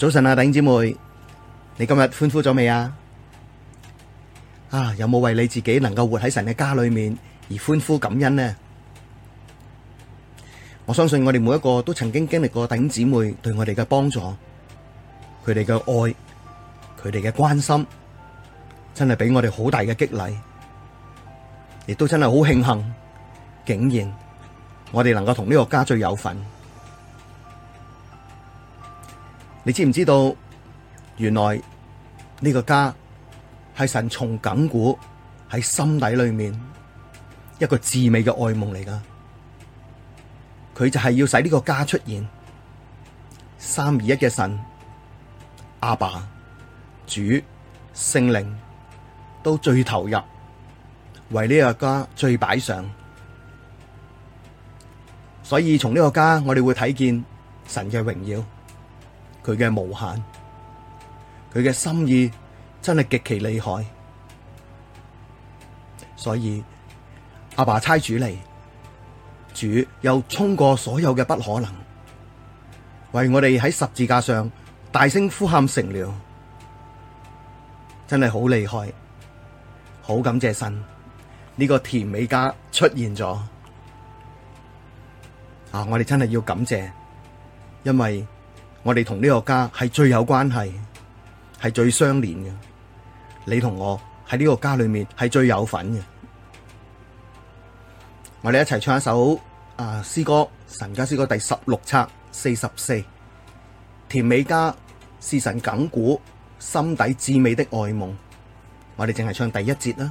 早晨啊，弟兄姊妹，你今日歡呼咗未啊？啊，有冇為你自己能夠活喺神嘅家裏面而歡呼感恩呢？我相信我哋每一個都曾經經歷過弟兄姊妹對我哋嘅幫助，佢哋嘅愛，佢哋嘅關心，真係俾我哋好大嘅激勵，亦都真係好慶幸，竟然我哋能夠同呢個家最有份。你知唔知道？原來呢個家係神從亙古喺心底裏面一個至美嘅愛夢嚟㗎。佢就係要使呢個家出現，三而一嘅神阿爸、主、聖靈都最投入，為呢個家最擺上，所以從呢個家我哋會睇見神嘅榮耀。佢嘅無限，佢嘅心意真係極其厲害，所以阿爸差主嚟，主又衝過所有嘅不可能，為我哋喺十字架上大聲呼喊，成了，真係好厲害，好感謝神，呢、這個甜美家出現咗，啊！我哋真係要感謝，因為。我哋同呢個家係最有關係，係最相連嘅。你同我喺呢個家裏面係最有份嘅。我哋一齊唱一首啊詩歌，神家詩歌第十六冊四十四，甜美家是神亙古，心底至美的愛夢。我哋淨係唱第一節啦。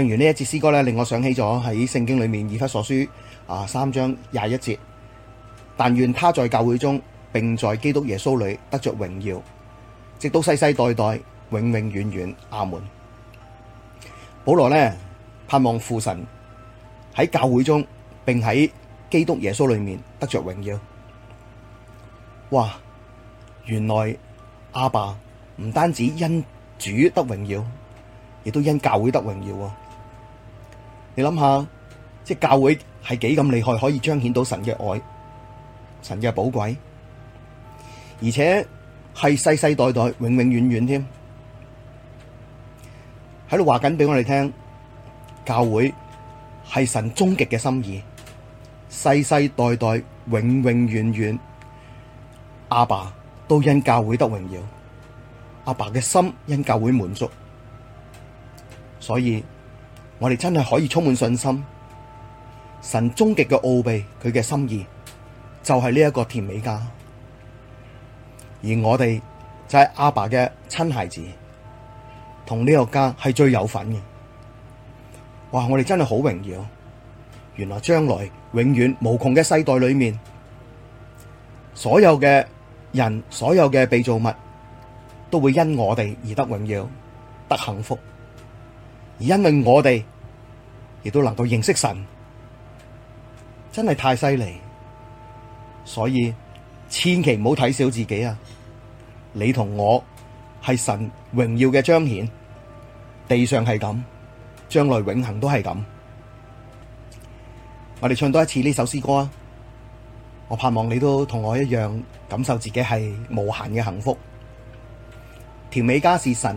唱完呢一節詩歌咧，令我想起咗喺聖經裏面以弗所書啊三章廿一節。但願他在教會中，並在基督耶穌裏得着榮耀，直到世世代代永永遠遠。阿門。保羅呢盼望父神喺教會中，並喺基督耶穌裏面得着榮耀。哇！原來阿爸唔單止因主得榮耀，亦都因教會得榮耀啊！你諗下，即教會係幾咁厲害，可以彰顯到神嘅愛、神嘅寶貴，而且係世世代代、永永遠遠添，喺度話緊俾我哋聽，教會係神終極嘅心意，世世代代、永永遠遠，阿爸都因教會得榮耀，阿爸嘅心因教會滿足，所以。我哋真係可以充滿信心，神終極嘅奧秘，佢嘅心意就係呢一個甜美家，而我哋就係阿爸嘅親孩子，同呢個家係最有份嘅。哇！我哋真係好榮耀，原來將來永遠無窮嘅世代裏面，所有嘅人，所有嘅被造物，都會因我哋而得榮耀，得幸福。而因為我哋亦都能夠認識神，真係太犀利，所以千祈唔好睇小自己啊！你同我係神榮耀嘅彰顯，地上係咁，將來永恆都係咁。我哋唱多一次呢首詩歌啊！我盼望你都同我一樣感受自己係無限嘅幸福。甜美家是神。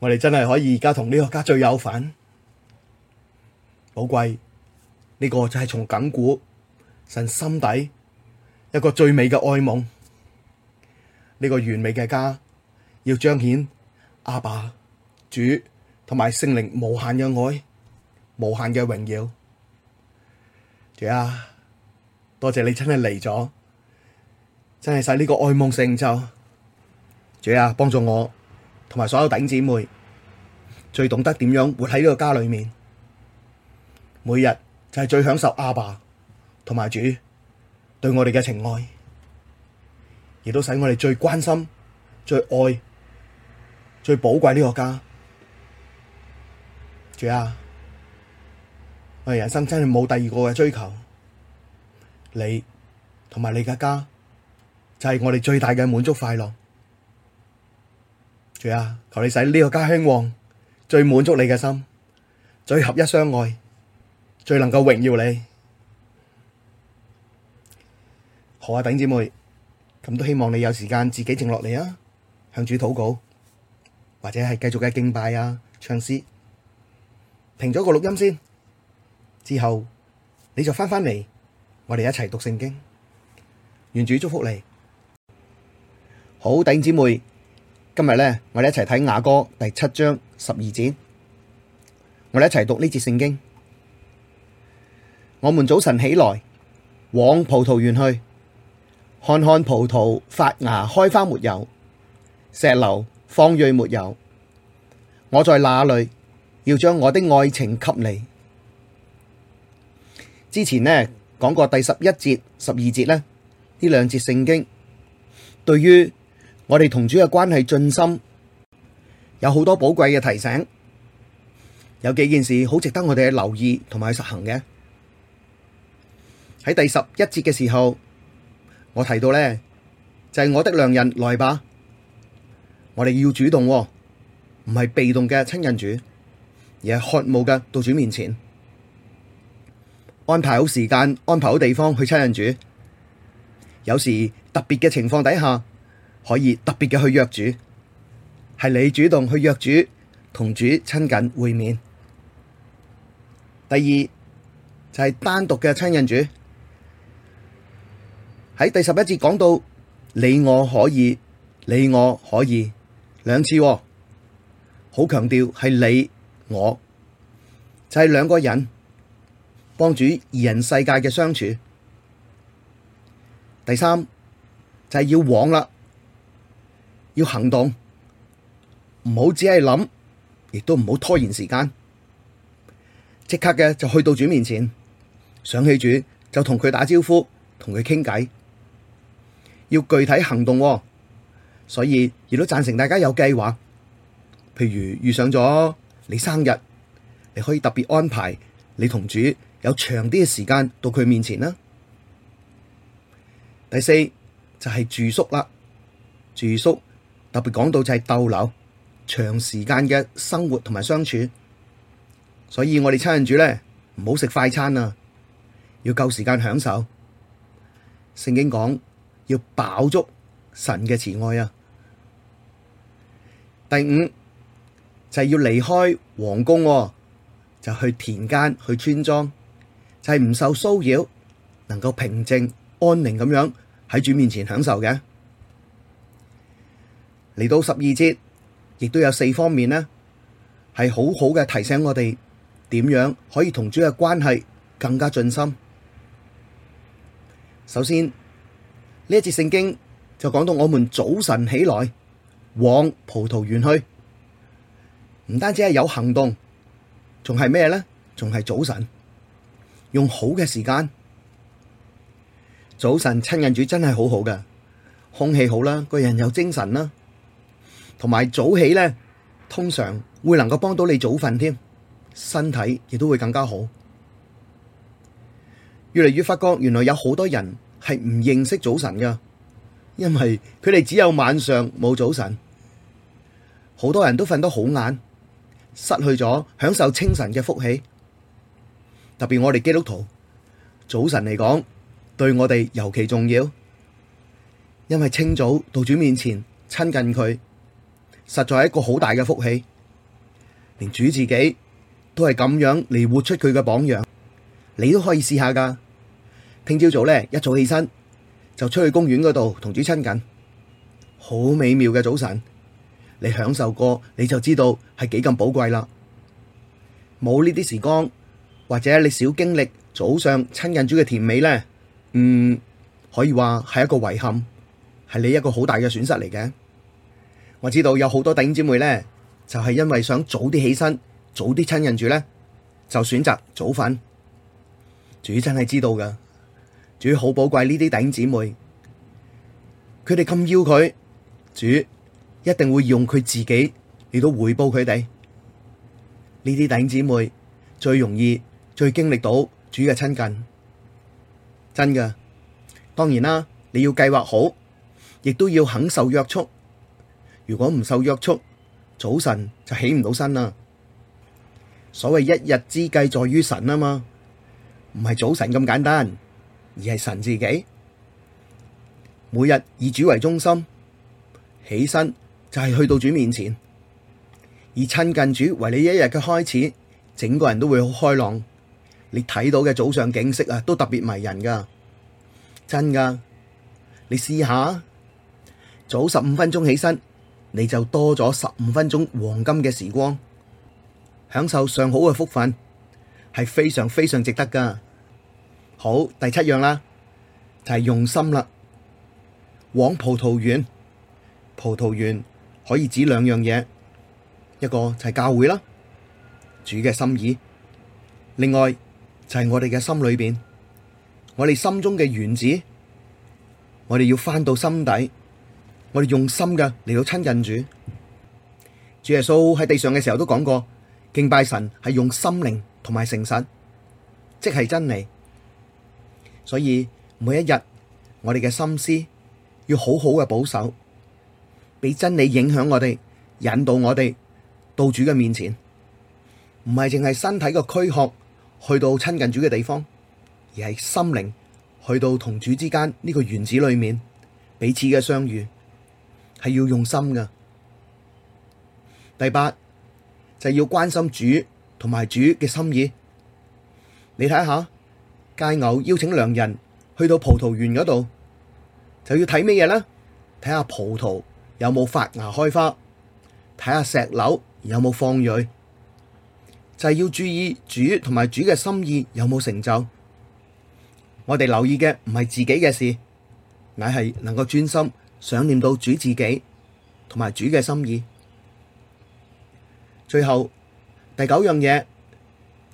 我哋真係可以而家同呢個家最有份寶貴，呢、這個就係從亙古神心底一個最美嘅愛夢，呢、這個完美嘅家要彰顯阿爸主同埋聖靈無限嘅愛、無限嘅榮耀。主啊，多謝你真係嚟咗，真係使呢個愛夢成就。主啊，幫助我。同埋所有頂姐妹，最懂得點樣活喺呢個家裏面，每日就係最享受阿爸同埋主對我哋嘅情愛，亦都使我哋最關心、最愛、最寶貴呢個家。主啊，我哋人生真係冇第二個嘅追求，你同埋你嘅家就係我哋最大嘅滿足快樂。主啊，求你使呢個家興旺，最滿足你嘅心，最合一相愛，最能夠榮耀你。好啊，弟兄姊妹，咁都希望你有時間自己靜落嚟啊，向主禱告，或者係繼續嘅敬拜啊，唱詩。停咗個錄音先，之後你就返返嚟，我哋一齊讀聖經。願主祝福你，好弟兄姊妹。今日呢，我哋一齊睇雅歌第七章十二節，我哋一齊讀呢節聖經。我們早晨起來，往葡萄園去，看看葡萄發芽開花沒有，石榴放蕊沒有。我在那裡，要將我的愛情給你。之前呢講過第十一節、十二節呢，呢兩節聖經對於。我哋同主嘅關係進深，有好多寶貴嘅提醒，有幾件事好值得我哋去留意同埋去實行嘅。喺第十一節嘅時候，我提到咧，就係、是、我的良人來吧，我哋要主動，唔係被動嘅親近主，而係渴慕嘅到主面前，安排好時間，安排好地方去親近主。有時特別嘅情況底下。可以特別嘅去約主，係你主動去約主，同主親近會面。第二就係、是、單獨嘅親人主，喺第十一節講到你我可以，你我可以兩次、哦，好強調係你我，就係、是、兩個人幫主二人世界嘅相處。第三就係、是、要往啦。要行動，唔好只係諗，亦都唔好拖延時間，即刻嘅就去到主面前，想起主就同佢打招呼，同佢傾偈，要具體行動。所以亦都贊成大家有計劃，譬如遇上咗你生日，你可以特別安排你同主有長啲嘅時間到佢面前啦。第四就係住宿啦，住宿。特別講到就係逗留，長時間嘅生活同埋相處，所以我哋親人主咧，唔好食快餐啊，要夠時間享受。聖經講要飽足神嘅慈愛啊。第五，就係要離開皇宮啊，就去田間去村莊，就係唔受騷擾，能夠平靜安寧咁樣喺主面前享受嘅。嚟到十二節，亦都有四方面呢，係好好嘅提醒我哋點樣可以同主嘅關係更加盡心。首先呢一節聖經就講到，我們早晨起來往葡萄園去，唔單止係有行動，仲係咩呢？仲係早晨，用好嘅時間。早晨親近主真係好好嘅，空氣好啦，個人有精神啦。同埋早起咧，通常會能夠幫到你早瞓添，身體亦都會更加好。越嚟越發覺，原來有好多人係唔認識早晨㗎，因為佢哋只有晚上冇早晨。好多人都瞓得好晏，失去咗享受清晨嘅福氣。特別我哋基督徒，早晨嚟講，對我哋尤其重要，因為清早到主面前親近佢，實在係一個好大嘅福氣，連主自己都係咁樣嚟活出佢嘅榜樣，你都可以試下㗎。聽朝早咧，一早起身就出去公園嗰度同主親近，好美妙嘅早晨，你享受過你就知道係幾咁寶貴啦。冇呢啲時光，或者你少經歷早上親近主嘅甜美咧，嗯，可以話係一個遺憾，係你一個好大嘅損失嚟嘅。我知道有好多弟兄姊妹咧，就係因為想早啲起身，早啲親近住咧，就選擇早瞓。主真係知道噶，主好寶貴呢啲弟兄姊妹，佢哋咁要佢，主一定會用佢自己嚟到回報佢哋。呢啲弟兄姊妹最容易最經歷到主嘅親近，真噶。當然啦，你要計劃好，亦都要肯受約束。如果唔受約束，早晨就起唔到身啦。所謂一日之計在於神啊嘛，唔係早晨咁簡單，而係神自己每日以主為中心起身，就係去到主面前，而親近主為你一日嘅開始，整個人都會好開朗。你睇到嘅早上景色啊，都特別迷人噶，真噶。你試下早十五分鐘起身。你就多咗十五分鐘黃金嘅時光，享受上好嘅福分，係非常非常值得噶。好，第七樣啦，就係、是、用心啦，往葡萄園。葡萄園可以指兩樣嘢，一個就係教會啦，主嘅心意，另外就係我哋嘅心裏邊，我哋心中嘅原子，我哋要翻到心底。我哋用心嘅嚟到親近主，主耶穌喺地上嘅時候都講過，敬拜神係用心靈同埋誠實，即係真理。所以每一日我哋嘅心思要好好嘅保守，俾真理影響我哋，引導我哋到主嘅面前，唔係淨係身體個軀殼去到親近主嘅地方，而係心靈去到同主之間呢個園子裏面彼此嘅相遇。係要用心㗎。第八就係要關心主同埋主嘅心意。你睇下，街牛邀請良人去到葡萄園嗰度，就要睇咩嘢啦？睇下葡萄有冇發芽開花，睇下石榴有冇放蕊，就係要注意主同埋主嘅心意有冇成就。我哋留意嘅唔係自己嘅事，乃係能夠專心。想念到主自己同埋主嘅心意，最後第九樣嘢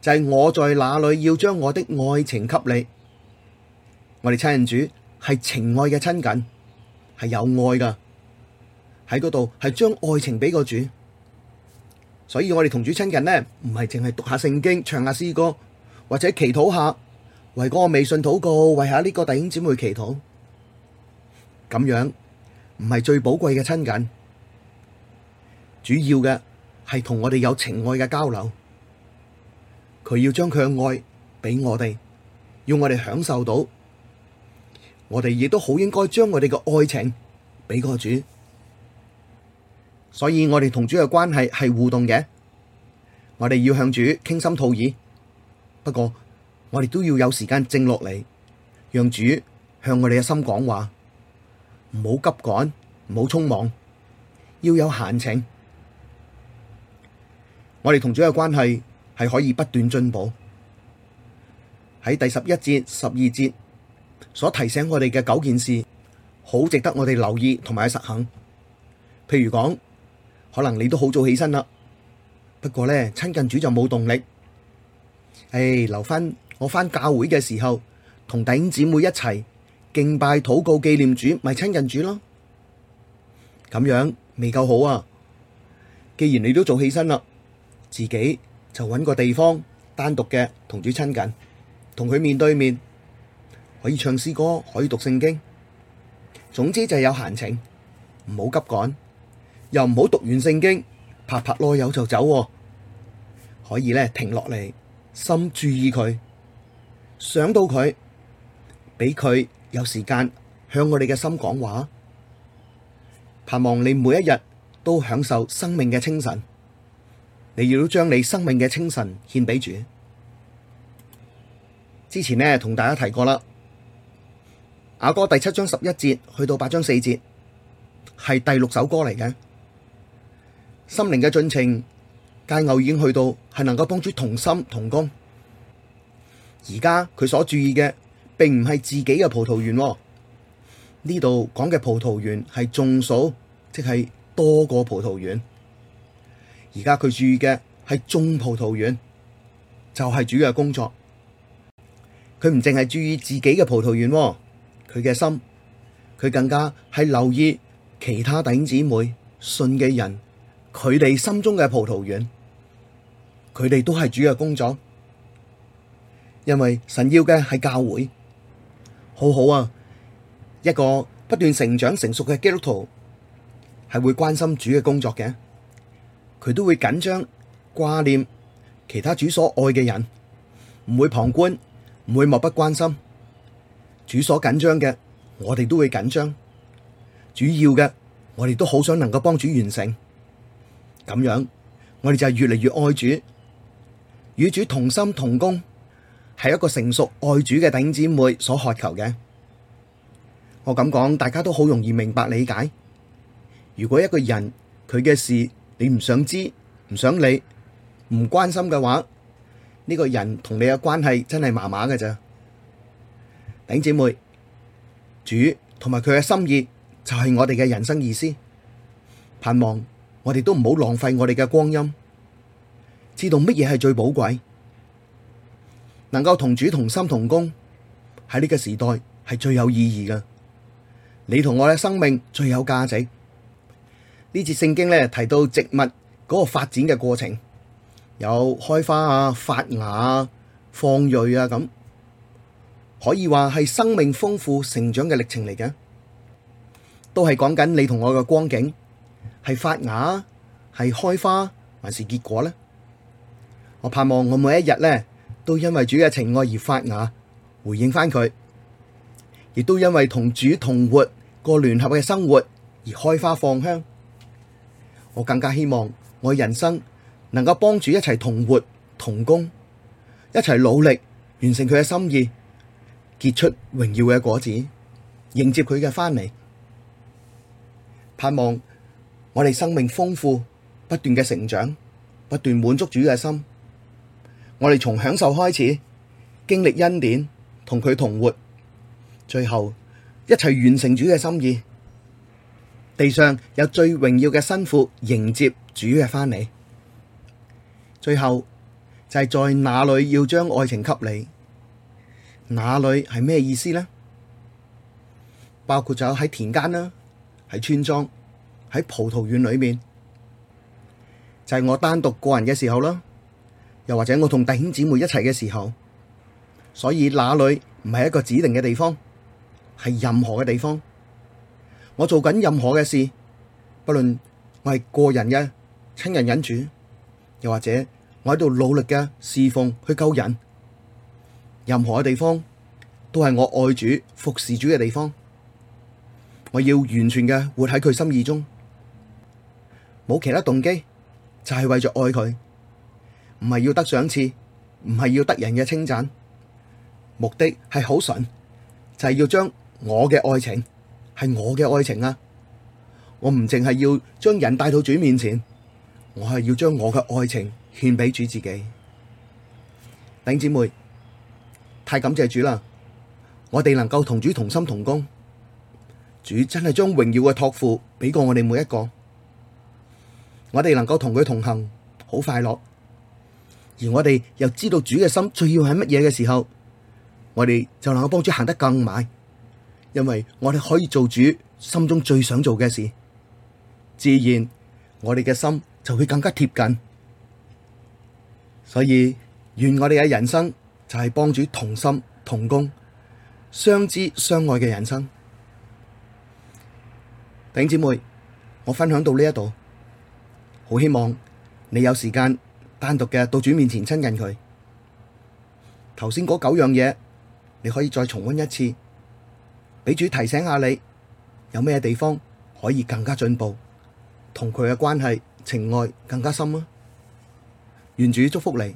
就係、是、我在那裡要將我的愛情給你，我哋親人主係情愛嘅親近，係有愛噶，喺嗰度係將愛情俾個主，所以我哋同主親近呢，唔係淨係讀下聖經、唱下詩歌或者祈禱下，為嗰個未信禱告，為下呢個弟兄姊妹祈禱，咁樣。唔係最寶貴嘅親近，主要嘅係同我哋有情愛嘅交流。佢要將佢嘅愛俾我哋，要我哋享受到。我哋亦都好應該將我哋嘅愛情俾個主。所以我哋同主嘅關係係互動嘅。我哋要向主傾心吐意，不過我哋都要有時間靜落嚟，讓主向我哋嘅心講話。唔好急趕，唔好匆忙，要有閒情。我哋同主嘅關係係可以不斷進步。喺第十一節、十二節所提醒我哋嘅九件事，好值得我哋留意同埋去實行。譬如講，可能你都好早起身啦，不過呢親近主就冇動力。唉，留返我返教會嘅時候，同弟兄姊妹一齊。敬拜、禱告、紀念主，咪親近主咯。咁樣未夠好啊！既然你都做起身啦，自己就搵個地方單獨嘅同主親近，同佢面對面，可以唱詩歌，可以讀聖經。總之就係有閒情，唔好急趕，又唔好讀完聖經拍拍囉柚就走。可以咧停落嚟，心注意佢，想到佢，俾佢。有時間向我哋嘅心講話，盼望你每一日都享受生命嘅清晨，你要將你生命嘅清晨獻畀主。之前呢，同大家提過啦，雅歌第七章十一節，去到八章四節，是第六首歌嚟嘅。心靈嘅進程，佳偶已經去到是能夠幫主同心同工，而家佢所注意嘅並唔係自己嘅葡萄園、哦，呢度講嘅葡萄園係眾數，即係多過葡萄園。而家佢注意嘅係種葡萄園，就係、是、主要嘅工作。佢唔淨係注意自己嘅葡萄園、哦，佢嘅心，佢更加係留意其他弟兄姊妹信嘅人，佢哋心中嘅葡萄園，佢哋都係主要嘅工作。因為神要嘅係教會。好好啊！一個不斷成長成熟嘅基督徒，係會關心主嘅工作嘅，佢都會緊張掛念其他主所愛嘅人，唔會旁觀，唔會漠不關心。主所緊張嘅，我哋都會緊張。主要嘅，我哋都好想能夠幫主完成。咁樣，我哋就係越嚟越愛主，與主同心同工。係一個成熟愛主嘅頂姐妹所渴求嘅。我咁講，大家都好容易明白理解。如果一個人佢嘅事你唔想知、唔想理、唔關心嘅話，呢個人同你嘅關係真係麻麻嘅咋？頂姐妹，主同埋佢嘅心意就係我哋嘅人生意思，盼望我哋都唔好浪費我哋嘅光陰，知道乜嘢係最寶貴。能夠同主同心同工，喺呢個時代係最有意義嘅。你同我嘅生命最有價值。呢節聖經呢，提到植物嗰個發展嘅過程，有開花啊、發芽啊、放蕊啊咁，可以話係生命豐富成長嘅歷程嚟嘅。都係講緊你同我嘅光景，係發芽、係開花，還是結果呢？我盼望我每一日呢。都因為主嘅情愛而發芽，回應翻佢；亦都因為同主同活、過聯合嘅生活而開花放香。我更加希望我人生能夠幫主一齊同活、同工，一齊努力完成佢嘅心意，結出榮耀嘅果子，迎接佢嘅翻嚟，盼望我哋生命豐富，不斷嘅成長，不斷滿足主嘅心。我哋從享受開始，經歷恩典，同佢同活，最後一齊完成主嘅心意。地上有最榮耀嘅新婦迎接主嘅返嚟。最後就係、是、在那裡要將愛情給你。那裡係咩意思呢？包括咗喺田間啦，喺村莊，喺葡萄園裏面，就係、是、我單獨個人嘅時候啦。又或者我同弟兄姊妹一齊嘅時候，所以那裡唔係一個指定嘅地方，係任何嘅地方，我做緊任何嘅事，不論我係個人嘅親人忍主，又或者我喺度努力嘅侍奉去救人，任何嘅地方都係我愛主服侍主嘅地方，我要完全嘅活喺佢心意中，冇其他動機，就係為咗愛佢。唔係要得賞賜，唔係要得人嘅稱讚，目的係好純，就係、是、要將我嘅愛情係我嘅愛情啊！我唔淨係要將人帶到主面前，我係要將我嘅愛情獻俾主自己。頂姐妹太感謝主啦！我哋能夠同主同心同工，主真係將榮耀嘅託付俾過我哋每一個，我哋能夠同佢同行，好快樂。而我哋又知道主嘅心最要係乜嘢嘅時候，我哋就能夠幫主行得更埋，因為我哋可以做主心中最想做嘅事，自然我哋嘅心就會更加貼近。所以願我哋嘅人生就係幫主同心同工、相知相愛嘅人生。弟兄姊妹，我分享到呢一度，好希望你有時間。單獨嘅到主面前親近佢，頭先嗰九樣嘢，你可以再重溫一次，俾主提醒下你，有咩地方可以更加進步，同佢嘅關係情愛更加深啊！願主祝福你。